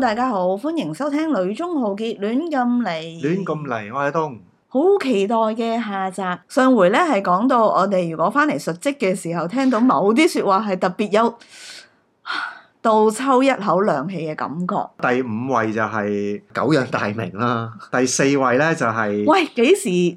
大家好，歡迎收聽《女中豪傑》，亂咁嚟，亂咁嚟，我係東，好期待嘅下集。上回咧，係講到我哋如果翻嚟述職嘅時候，聽到某啲說話係特別有倒抽一口涼氣嘅感覺。第五位就係久仰大名啦，第四位咧就係喂，幾時？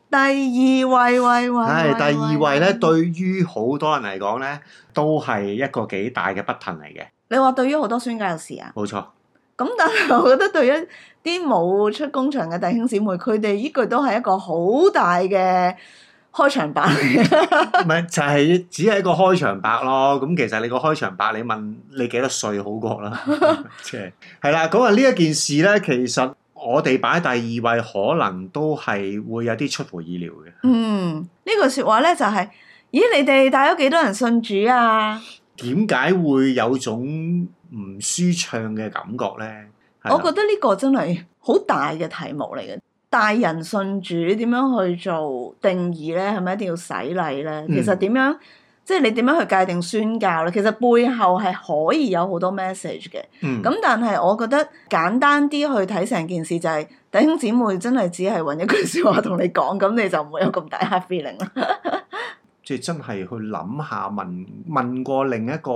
第二位為為為，位係 第二位咧，對於好多人嚟講咧，都係一個幾大嘅不同嚟嘅。你話對於好多宣教有事啊，冇錯錯。咁但係我覺得對於一啲冇出工場嘅弟兄姊妹，佢哋呢句都係一個好大嘅開場白。唔 係 就係、是、只係一個開場白咯。咁其實你個開場白，你問你幾多歲好過啦。係啦，咁啊呢一件事咧，其實。我哋擺第二位，可能都係會有啲出乎意料嘅。嗯，這個、說呢句説話咧就係、是，咦？你哋帶咗幾多人信主啊？點解會有種唔舒暢嘅感覺咧？我覺得呢個真係好大嘅題目嚟嘅。帶人信主點樣去做定義咧？係咪一定要洗禮咧？嗯、其實點樣？即係你點樣去界定宣教咧？其實背後係可以有好多 message 嘅。咁、嗯、但係我覺得簡單啲去睇成件事就係弟兄姊妹真係只係揾一句説話同你講，咁 你就唔會有咁大 heart feeling 啦。 即係真係去諗下問問過另一個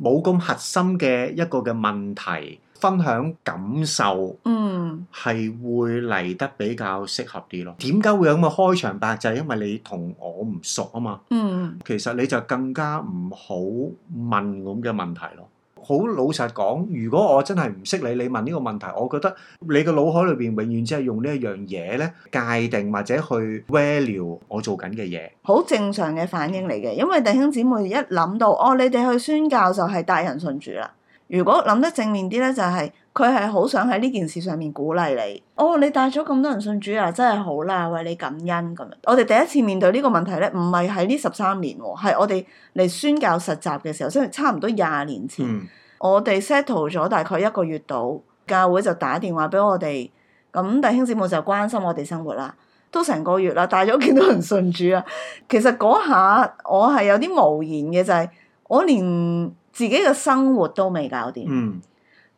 冇咁核心嘅一個嘅問題。分享感受，嗯，係會嚟得比較適合啲咯。點解會有咁嘅開場白？就係、是、因為你同我唔熟啊嘛。嗯，其實你就更加唔好問咁嘅問題咯。好老實講，如果我真係唔識你，你問呢個問題，我覺得你嘅腦海裏邊永遠只係用呢一樣嘢咧界定或者去 value 我做緊嘅嘢。好正常嘅反應嚟嘅，因為弟兄姊妹一諗到哦，你哋去宣教就係帶人信主啦。如果諗得正面啲咧，就係佢係好想喺呢件事上面鼓勵你。哦，你帶咗咁多人信主啊，真係好啦、啊，為你感恩咁樣。我哋第一次面對呢個問題咧，唔係喺呢十三年喎，係我哋嚟宣教實習嘅時候，即係差唔多廿年前，嗯、我哋 settle 咗大概一個月度，教會就打電話俾我哋，咁弟兄姊妹就關心我哋生活啦，都成個月啦，帶咗見到人信主啊。其實嗰下我係有啲無言嘅，就係、係、我連自己嘅生活都未搞掂，嗯、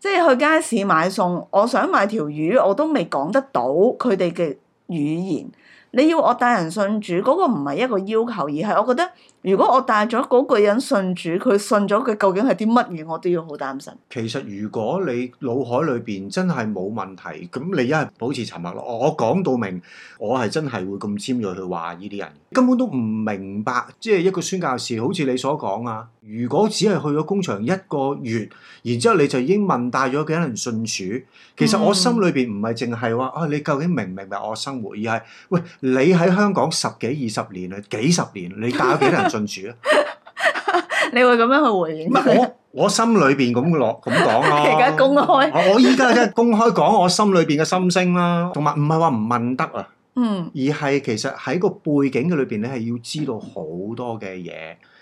即係去街市買餸，我想買條魚，我都未講得到佢哋嘅語言。你要我帶人信主，嗰個唔係一個要求，而係我覺得。如果我帶咗嗰個人信主，佢信咗佢究竟係啲乜嘢，我都要好擔心。其實如果你腦海裏邊真係冇問題，咁你一係保持沉默咯、哦。我講到明，我係真係會咁尖鋭去話呢啲人根本都唔明白，即係一個宣教士好似你所講啊。如果只係去咗工場一個月，然之後你就已經問帶咗幾多人信主，其實我心裏邊唔係淨係話啊，你究竟明唔明白我生活，而係喂，你喺香港十幾二十年啊，幾十年，你帶咗幾多人？ 住啊！ 你會咁樣去回應？唔係，我我心裏邊咁講咁講咯。而家、啊、 公開我，我依家真係公開講我心裏邊嘅心聲啦、啊。同埋唔係話唔問得啊，嗯，而係其實喺個背景嘅裏邊，你係要知道好多嘅嘢，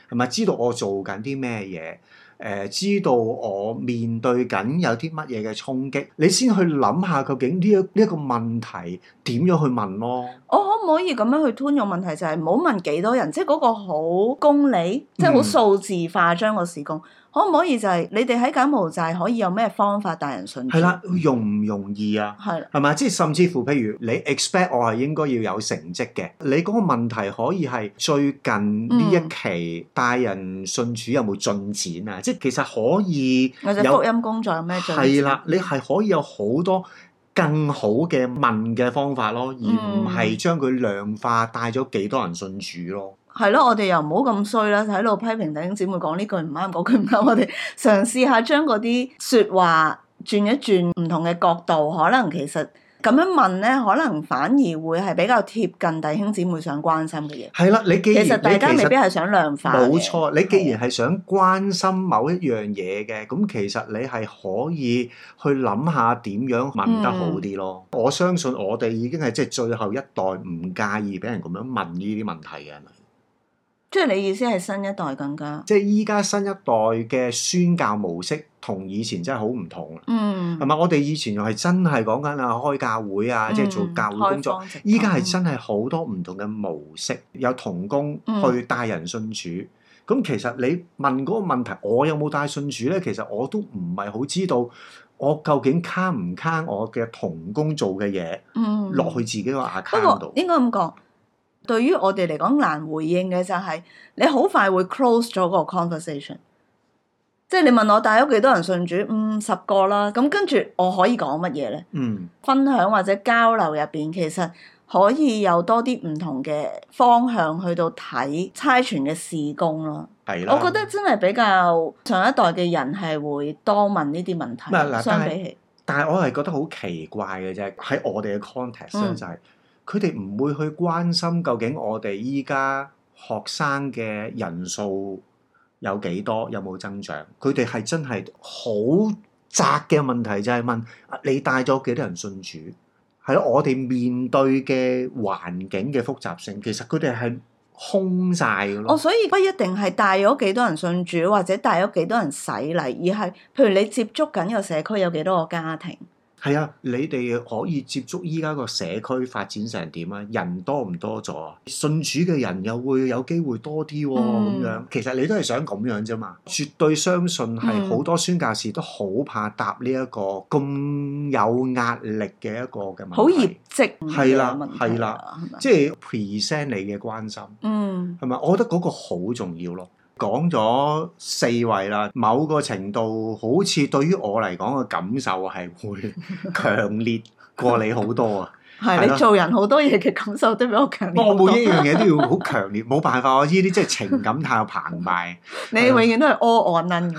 同埋知道我做緊啲咩嘢。誒、呃、知道我面對緊有啲乜嘢嘅衝擊，你先去諗下究竟呢一呢一個問題點樣去問咯？我可唔可以咁樣去吞用問題，就係唔好問幾多人，即係嗰個好公理，即係好數字化將個事工。嗯可唔可以就係你哋喺柬埔寨可以有咩方法帶人信主？係啦，容唔容易啊？係啦，係咪？即係甚至乎，譬如你 expect 我係應該要有成績嘅，你嗰個問題可以係最近呢一期帶人信主有冇進展啊？嗯、即係其實可以或者福音工作有咩進展？係啦，你係可以有好多更好嘅問嘅方法咯，而唔係將佢量化帶咗幾多人信主咯。係咯，我哋又唔好咁衰啦，喺度批評弟兄姊妹講呢句唔啱，嗰句唔啱。我哋嘗試下將嗰啲説話轉一轉，唔同嘅角度，可能其實咁樣問咧，可能反而會係比較貼近弟兄姊妹想關心嘅嘢。係啦，你既然其實大家其實未必係想量化。冇錯，你既然係想關心某一樣嘢嘅，咁其實你係可以去諗下點樣問得好啲咯。嗯、我相信我哋已經係即係最後一代，唔介意俾人咁樣問呢啲問題嘅，係咪？.即係你意思係新一代更加？即係依家新一代嘅宣教模式同以前真係好唔同。嗯，係咪我哋以前又係真係講緊啊開教會啊，嗯、即係做教會工作。依家係真係好多唔同嘅模式，有同工去帶人信主。咁、嗯、其實你問嗰個問題，我有冇帶信主咧？其實我都唔係好知道，我究竟卡唔卡我嘅同工做嘅嘢？嗯，落去自己個 account 度應該咁講。對於我哋嚟講難回應嘅就係、是，你好快會 close 咗個 conversation，即係你問我帶咗幾多人信主，五、嗯、十個啦，咁跟住我可以講乜嘢咧？嗯，分享或者交流入邊，其實可以有多啲唔同嘅方向去到睇猜傳嘅事工咯。係啦，的我覺得真係比較上一代嘅人係會多問呢啲問題，嗯、相比起，但係我係覺得好奇怪嘅啫，喺我哋嘅 context 上就係。嗯佢哋唔會去關心究竟我哋依家學生嘅人數有幾多，有冇增長？佢哋係真係好窄嘅問題，就係、是、問你帶咗幾多人信主？係咯，我哋面對嘅環境嘅複雜性，其實佢哋係空晒咯。Oh, 所以不一定係帶咗幾多人信主，或者帶咗幾多人洗禮，而係譬如你接觸緊個社區有幾多個家庭。係啊，你哋可以接觸依家個社區發展成點啊？人多唔多咗啊？信主嘅人又會有機會多啲喎、哦，咁、嗯、樣其實你都係想咁樣啫嘛。絕對相信係好多宣教士都好怕答呢一個咁有壓力嘅一個嘅問題，好業績係啦，係啦的，即係 present 你嘅關心，嗯，係咪？我覺得嗰個好重要咯。講咗四位啦，某個程度好似對於我嚟講嘅感受係會強烈過你好多啊！ 係的你做人好多嘢嘅感受都比我，強烈，我都強烈。我每一樣嘢都要好強烈，冇辦法。我呢啲即係情感太澎湃。你永遠都係 all on。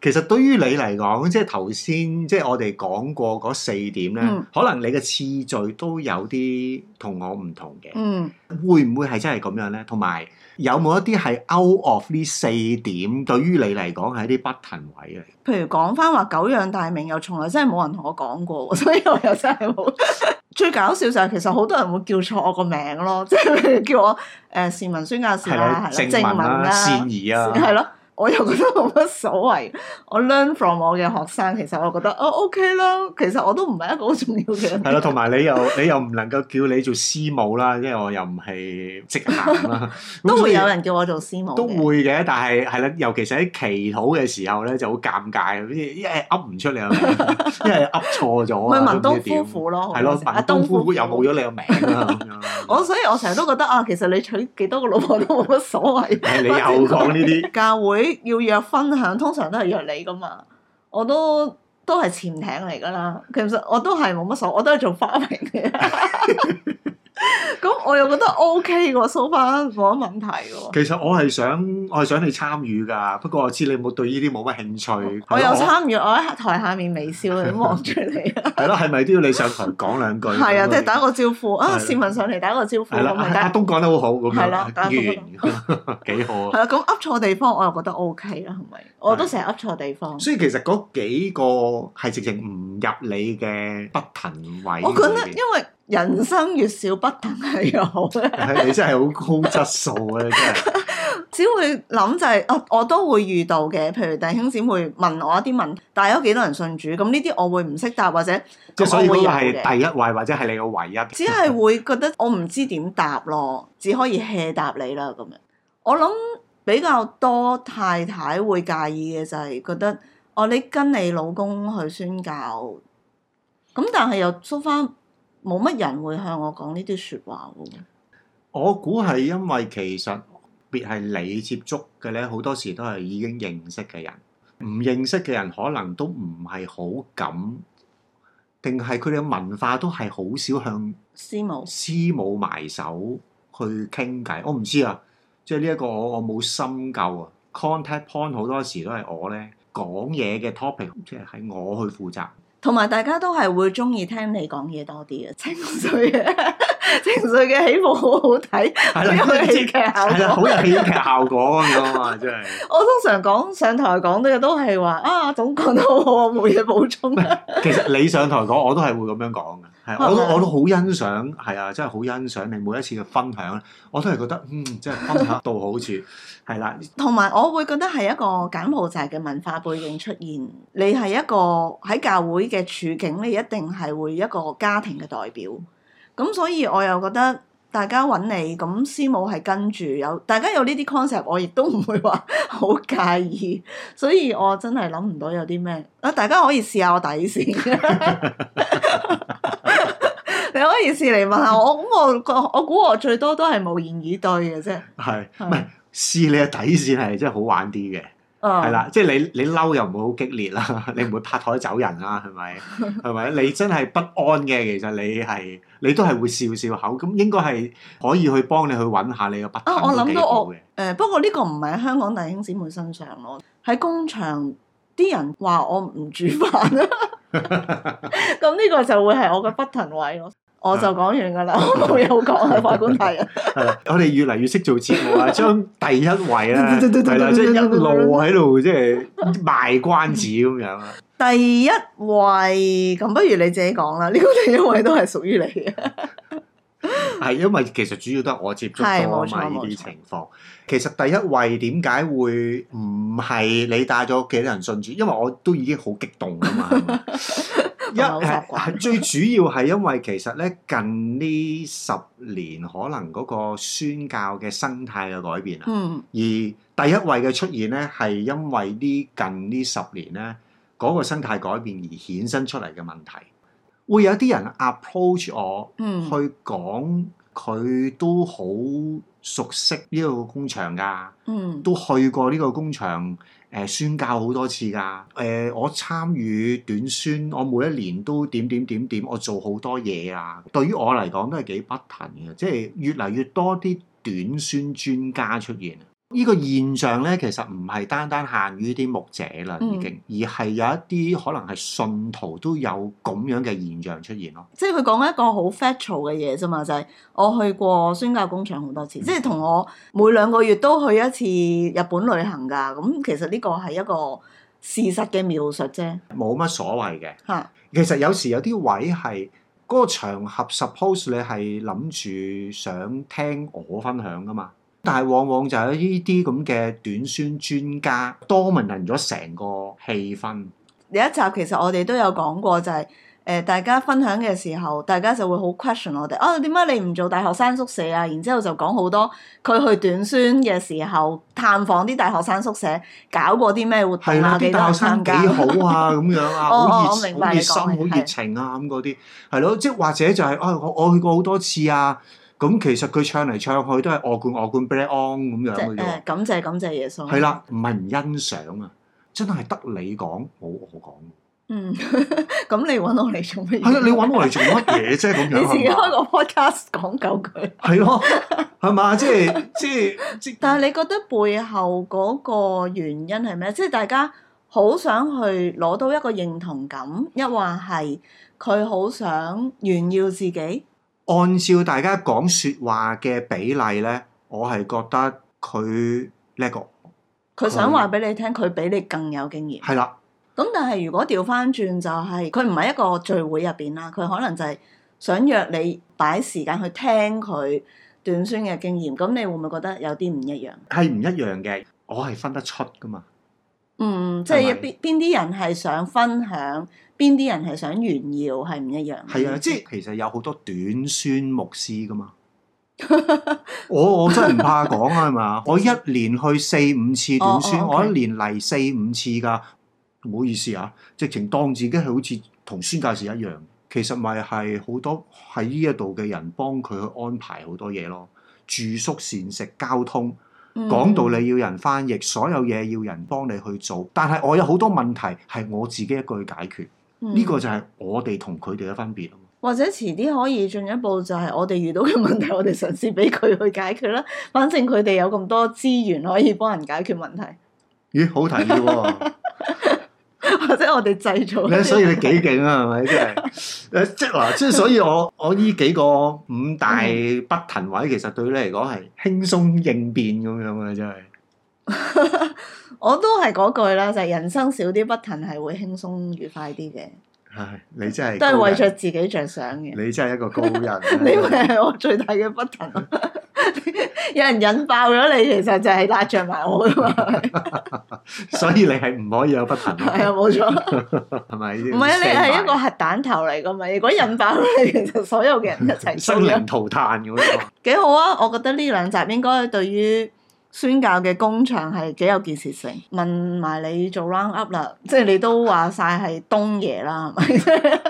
其實對於你嚟講，即係頭先即係我哋講過嗰四點咧，嗯、可能你嘅次序都有啲同我唔同嘅。嗯，會唔會係真係咁樣咧？同埋有冇一啲係 out of 呢四點？對於你嚟講係啲 button 位嘅。譬如講翻話久仰大名，又從來真係冇人同我講過，所以我有 最搞笑就係其實好多人會叫錯我個名咯，即係叫我誒善文、孫亞善啦、正的的文啦、善儀啊，係咯、啊。我又覺得冇乜所謂，我 learn from 我嘅學生，其實我覺得啊 OK 啦，其實我都唔係一個好重要嘅人。係啦，同埋你又你又唔能夠叫你做師母啦，因為我又唔係直男啦。都會有人叫我做師母。都會嘅，但係係啦，尤其是喺祈禱嘅時候咧，就好尷尬，一噏唔出嚟，因為噏錯咗啊，點？唔係問東夫婦咯，係咯，問東夫婦又冇咗你個名啦。我所以，我成日都覺得啊，其實你娶幾多個老婆都冇乜所謂。誒，你又講呢啲教會？要約分享，通常都係約你㗎嘛，我都都係潛艇嚟㗎啦，其實我都係冇乜所謂，我都係做花瓶嘅。 咁我又覺得 O K 喎，收翻冇乜問題喎。其實我係想，我係想你參與噶，不過我知你冇對呢啲冇乜興趣。我又參與，我喺台下面微笑咁望住你。係咯，係咪都要你上台講兩句？係啊，即係打一個招呼啊！市民上嚟，打一個招呼咁咪得。都講得好好咁樣，幾好。係啦，咁噏錯地方，我又覺得 O K 啦，係咪？我都成日噏錯地方。所以其實嗰幾個係直情唔入你嘅 button 位。我覺得因為。人生越少不同係有，你真係好高質素啊！你真係只會諗就係、是，我我都會遇到嘅。譬如弟兄姊妹問我一啲問，但係有幾多人信主咁呢啲，我會唔識答或者即，所以嗰個係第一位或者係你嘅唯一。 只係會覺得我唔知點答咯，只可以 hea 答你啦咁樣。我諗比較多太太會介意嘅就係覺得，哦，你跟你老公去宣教，咁但係又縮翻。冇乜人會向我講呢啲説話喎。我估係因為其實別係你接觸嘅咧，好多時都係已經認識嘅人。唔認識嘅人可能都唔係好敢，定係佢哋嘅文化都係好少向師母師母埋手去傾偈、哦啊就是。我唔知啊，即係呢一個我我冇深究啊。Contact point 好多時都係我咧講嘢嘅 topic，即係喺我去負責。同埋大家都係會中意聽你講嘢多啲嘅，清水 情緒嘅起伏好好睇，呢個戲劇係啦，好有戲劇效果咁樣啊！真係。 我通常講上台講嘅都係話啊，總講到我冇嘢補充。其實你上台講，我都係會咁樣講嘅，係的我都我都好欣賞，係啊，真係好欣賞你每一次嘅分享，我都係覺得嗯，即係分享到好處，係啦 的。同埋我會覺得係一個柬埔寨嘅文化背景出現，你係一個喺教會嘅處境，你一定係會一個家庭嘅代表。咁所以我又覺得大家揾你咁師母係跟住有，大家有呢啲 concept，我亦都唔會話好介意。所以我真係諗唔到有啲咩，啊，大家可以試下我底線，你可以試嚟問下我。咁我我我估我，我最多都係無言以對嘅啫。係，唔係試你嘅底線係真係好玩啲嘅。係啦， 即係你你嬲又唔會好激烈啦， 你唔會拍台走人啦，係咪？係咪？ 你真係不安嘅，其實你係你都係會笑笑口，咁應該係可以去幫你去揾下你我諗到我，呃、個 button 幾好嘅。不過呢個唔係喺香港弟兄姊妹身上咯，喺工場啲人話我唔煮飯，咁 呢 個就會係我嘅 button 位咯。 我就講完噶啦，我冇有講啊！ 法官大人，係啦，我哋越嚟越識做節目啦，將第一位啦，係啦，即係一路喺度即係賣關子咁樣。第一位咁，不如你自己講啦。呢個第一位都係屬於你嘅，係 因為其實主要都係我接觸多埋呢啲情況。 其實第一位點解會唔係你帶咗幾多人信主？因為我都已經好激動㗎嘛。 一係 最主要係因為其實咧近呢十年可能嗰個宣教嘅生態嘅改變啦，而第一位嘅出現咧係因為呢近呢十年咧嗰個生態改變而衍生出嚟嘅問題，會有啲人 approach 我，去講佢都好。熟悉呢個工場㗎，嗯、都去過呢個工場誒、呃、宣教好多次㗎。誒、呃，我參與短宣，我每一年都點點點點，我做好多嘢啊。對於我嚟講都係幾不騰嘅，即係越嚟越多啲短宣專家出現。呢個現象咧，其實唔係單單限於啲牧者啦，已經，而係有一啲可能係信徒都有咁樣嘅現象出現咯。嗯、即係佢講一個好 factual 嘅嘢啫嘛，就係、是、我去過宣教工場好多次，嗯、即係同我每兩個月都去一次日本旅行噶。咁、嗯、其實呢個係一個事實嘅描述啫，冇乜所謂嘅。吓是，其實有時有啲位係嗰、嗰個場合，suppose 你係諗住想聽我分享噶嘛。但係往往就係呢啲咁嘅短宣專家多 o m i 咗成個氣氛。有一集其實我哋都有講過、就是，就係誒大家分享嘅時候，大家就會好 question 我哋。哦、啊，點解你唔做大學生宿舍啊？然後之後就講好多佢去短宣嘅時候，探訪啲大學生宿舍，搞過啲咩活動啊？啲大學生幾好啊？咁樣啊，好熱心、啊、好熱情啊咁嗰啲，係咯、啊。即係、啊就是、或者就係、是、啊、哎，我我，我去過好多次啊。咁其實佢唱嚟唱去都係我管我管 blame on 咁樣嘅啫。即係感謝感謝耶穌。係啦，唔係唔欣賞啊！真係得你講，冇我講。嗯，咁你揾我嚟做咩？係啦，你揾我嚟做乜嘢啫？咁樣係嘛？你自己開個 podcast 講夠佢。係咯，係嘛？即係即係。但係你覺得背後嗰個原因係咩？即係大家好想去攞到一個認同感，抑或係佢好想炫耀自己。按照大家講説話嘅比例呢，我係覺得佢叻過我。佢想話俾你聽，佢比你更有經驗。係啦。咁但係如果調翻轉就係，佢唔係一個聚會入邊啦，佢可能就係想約你擺時間去聽佢短宣嘅經驗。咁你會唔會覺得有啲唔一樣？係唔一樣嘅，我係分得出噶嘛。嗯，即係邊邊啲人係想分享？邊啲人係想炫耀，係唔一樣？係啊，即係其實有好多短宣牧師噶嘛。 我我真係唔怕講啊，係嘛？我一年去四五次短宣，oh, okay. 我一年嚟四五次噶。唔好意思啊，直情當自己係好似同宣教士一樣，其實咪係好多喺呢一度嘅人幫佢去安排好多嘢咯，住宿、膳食、交通，講道理要人翻譯，所有嘢要人幫你去做。但係我有好多問題係我自己一個去解決。呢個就係我哋同佢哋嘅分別。或者遲啲可以進一步，就係我哋遇到嘅問題， 我哋嘗試俾佢去解決啦。反正佢哋有咁多資源可以幫人解決問題。咦，好提議喎、哦！ 或者我哋製造，所以你幾勁啊？係咪？ 即係即係嗱，即係所以我我呢幾個五大 button 位，其實對你嚟講係輕鬆應變咁樣嘅，真、就、係、是。 我都係嗰句啦，就係、是、人生少啲 button，係會輕鬆愉快啲嘅。係、哎，你真係都係為着自己着想嘅。你真係一個高人。 因為 你係我最大嘅 button， 有人引爆咗你，其實就係拉著埋我噶嘛。 所以你係唔可以有 button。係啊、 哎，冇錯。係咪先？唔係啊，你係一個核彈頭嚟噶嘛？ 如果引爆你，其實所有嘅人一齊，心 生靈塗炭噶喎。幾 生靈 好啊！我覺得呢兩集應該對於。宣教嘅工場係幾有建設性？問埋你做 round up 啦，即係你都話晒係東嘢啦，係咪？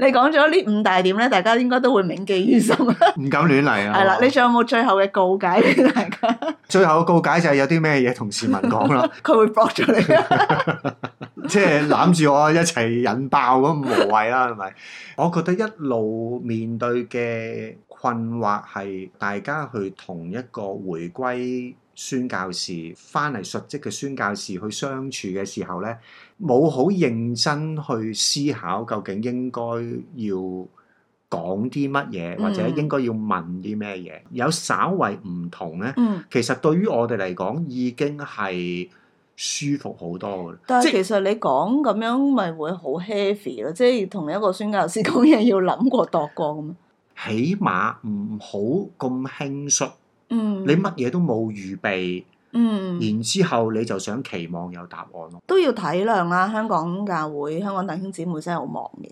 你講咗呢五大點咧，大家應該都會銘記於心。唔敢亂嚟啊！係啦，你仲有冇最後嘅告解俾大家？最後嘅告解就係有啲咩嘢同市民講啦。佢會 block 咗你啊？即係攬住我一齊引爆咁無謂啦，係咪？我覺得一路面對嘅困惑係大家去同一個回歸。宣教士返嚟述職嘅宣教士去相處嘅時候咧，冇好認真去思考究竟應該要講啲乜嘢，或者應該要問啲咩嘢，嗯、有稍為唔同咧。嗯、其實對於我哋嚟講，已經係舒服好多噶啦。但係其實你講咁樣，咪即會好 heavy 咯，即係同你一個宣教士講嘢要諗過 度過咁。起碼唔好咁輕率。嗯、你乜嘢都冇預備，嗯、然之後你就想期望有答案咯，都要體諒啦。香港教會、香港弟兄姊妹真係好忙嘅。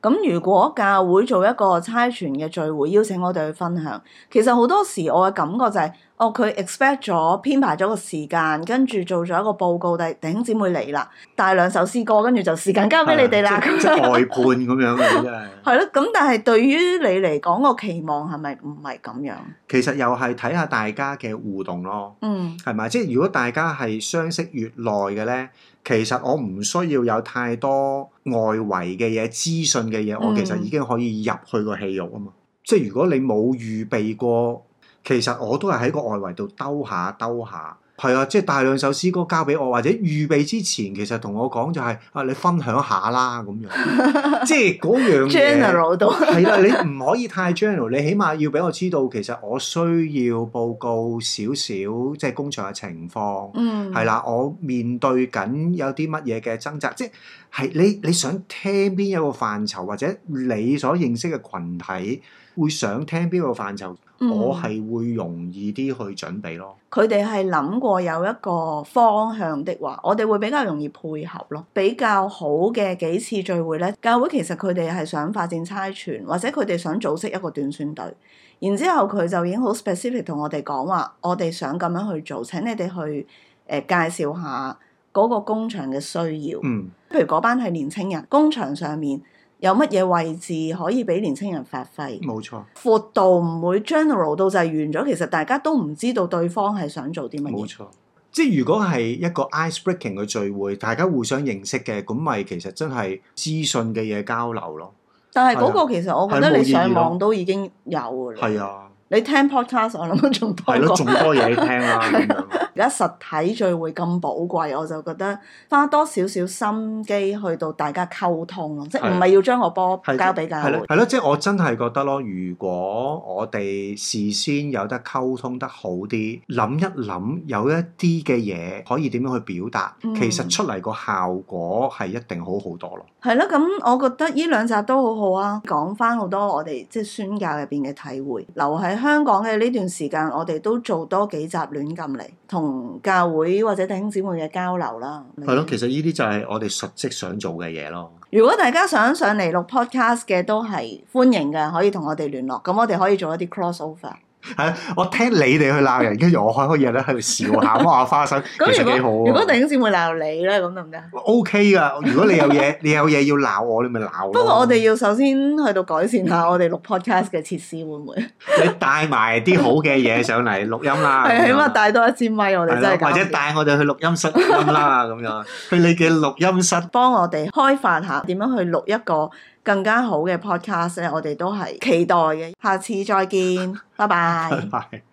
咁如果教會做一個差傳嘅聚會，邀請我哋去分享，其實好多時我嘅感覺就係、是。哦，佢 expect 咗編排咗個時間，跟住做咗一個報告，第弟兄姊妹嚟啦，帶兩首詩歌，跟住就時間交俾你哋啦。外判咁樣嘅真係。係咯，咁 但係對於你嚟講個期望係咪唔係咁樣？其實又係睇下大家嘅互動咯。嗯，係咪？即係如果大家係相識越耐嘅咧，其實我唔需要有太多外圍嘅嘢、資訊嘅嘢，嗯、我其實已經可以入去個戲肉啊嘛。即係如果你冇預備過。其實我都係喺個外圍度兜下兜下，係啊！即係帶兩首詩歌交俾我，或者預備之前，其實同我講就係、是、啊，你分享下啦咁樣， 即係嗰樣嘢。general 到係啦，你唔可以太 general， 你起碼要俾我知道，其實我需要報告少少即係工場嘅情況。嗯，係啦，我面對緊有啲乜嘢嘅掙扎，即係你你想聽邊一個範疇，或者你所認識嘅群體，會想聽邊個範疇，我係會容易啲去準備咯。佢哋係諗過有一個方向的話，我哋會比較容易配合咯。比較好嘅幾次聚會呢，教會其實佢哋係想發展差傳，或者佢哋想組織一個短宣隊。然之後佢就已經好 specific 同我哋講話，我哋想咁樣去做，請你哋去誒、呃、介紹下嗰個工場嘅需要。嗯，譬如嗰班係年青人，工場上面。有乜嘢位置可以俾年青人發揮？冇錯，闊度唔會 general 到就係完咗。其實大家都唔知道對方係想做啲乜嘢。冇錯，即係如果係一個 ice-breaking 嘅聚會，大家互相認識嘅，咁咪其實真係資訊嘅嘢交流咯。但係嗰個的其實我覺得你上網都已經有㗎啦。係啊，你聽 podcast，我諗都仲多咯，仲多嘢聽啦。而家實體聚會咁寶貴，我就覺得花多少少心機去到大家溝通，即係唔係要將個波交俾大家。係咯，即係我真係覺得咯。如果我哋事先有得溝通得好啲，諗一諗有一啲嘅嘢可以點樣去表達，其實出嚟個效果係一定好好多咯。係咯，嗯，咁，嗯，我覺得呢兩集都好好啊，講翻好多我哋即係宣教入邊嘅體會。留喺香港嘅呢段時間，我哋都做多幾集亂咁嚟。同教會或者弟兄姊妹嘅交流啦，係咯，其實呢啲就係我哋實質想做嘅嘢咯。如果大家想上嚟錄 podcast 嘅，都係歡迎嘅，可以同我哋聯絡，咁我哋可以做一啲 cross over。係，我聽你哋去鬧人，跟住我開開嘢咧喺度笑下，咁話花生，其實幾好。咁如果如果等陣先會鬧你咧，咁得唔得？O K 噶，如果你有嘢，你有嘢要鬧我，你咪鬧咯。不過我哋要首先去到改善下我哋錄 podcast 嘅設施會唔會？你帶埋啲好嘅嘢上嚟錄音啦。係，起碼帶多一支咪，我哋真係。或者帶我哋去錄音室錄音啦，咁樣去你嘅錄音室幫我哋開飯下，點樣去錄一個？更加好嘅 podcast 咧，我哋都係期待嘅。下次再見，拜拜。